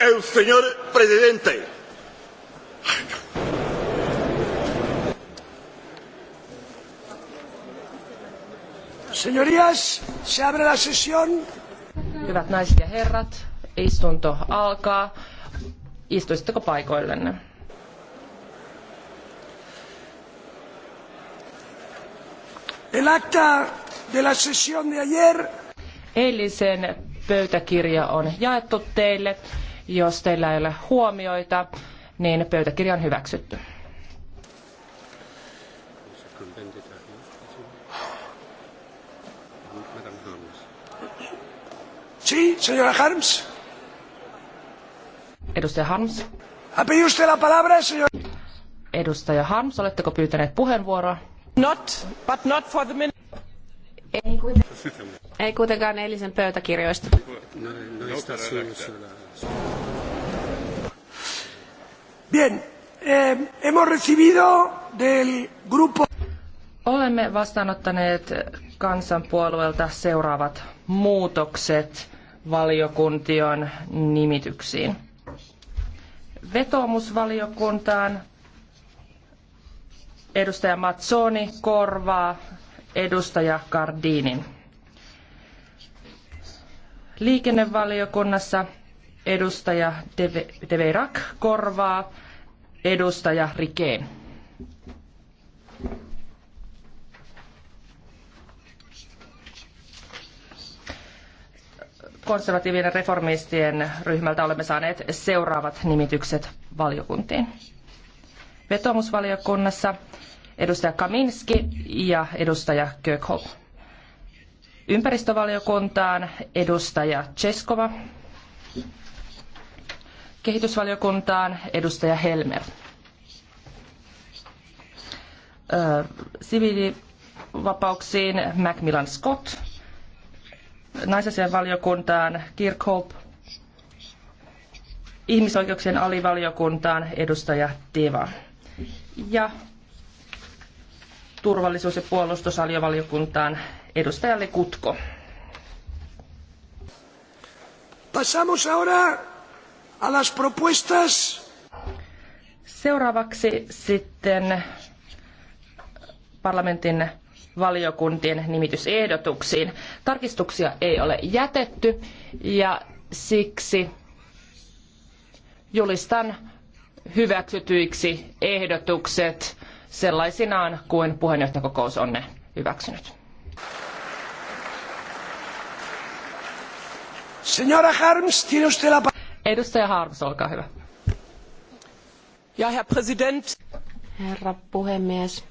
El señor presidente. Señorías, se abre la sesión. Hyvät naiset ja herrat, istunto alkaa. Istuisitteko paikoillenne? El acta de la sesión de ayer. Eilisen pöytäkirja on jaettu teille. Jos teillä ei ole huomioita, niin pöytäkirja on hyväksytty. Edustaja Harms. la palabra, Edustaja Harms, oletteko pyytäneet puheenvuoroa? Not, but not for the minute. Ei kuitenkaan, ei kuitenkaan eilisen pöytäkirjoista. Bien, eh, hemos recibido del grupo... Olemme vastaanottaneet kansanpuolueelta seuraavat muutokset valiokuntion nimityksiin. Vetoomusvaliokuntaan edustaja Mazzoni korvaa edustaja Gardinin. Liikennevaliokunnassa edustaja Deveirak korvaa edustaja Rikeen. konservatiivien ja reformistien ryhmältä olemme saaneet seuraavat nimitykset valiokuntiin. Vetomusvaliokunnassa edustaja Kaminski ja edustaja Kökhoff. Ympäristövaliokuntaan edustaja Cheskova. Kehitysvaliokuntaan edustaja Helmer. siviilivapauksiin Macmillan Scott. Naisasian valiokuntaan Kirkhope. Ihmisoikeuksien alivaliokuntaan edustaja Deva. Ja turvallisuus- ja puolustusaliovaliokuntaan edustajalle Kutko. Pasamos ahora a las propuestas. Seuraavaksi sitten parlamentin valiokuntien nimitysehdotuksiin. Tarkistuksia ei ole jätetty ja siksi julistan hyväksytyiksi ehdotukset sellaisinaan kuin puheenjohtajakokous on ne hyväksynyt. Señora Harms, la... Edustaja Harms, olkaa hyvä. Ja, herr Präsident. Herra puhemies.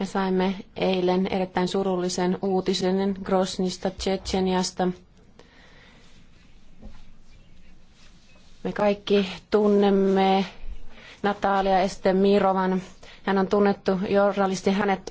Me saimme eilen erittäin surullisen uutisen Grosnista, Tsetseniasta. Me kaikki tunnemme Natalia Estemirovan hän on tunnettu journalisti. Hänet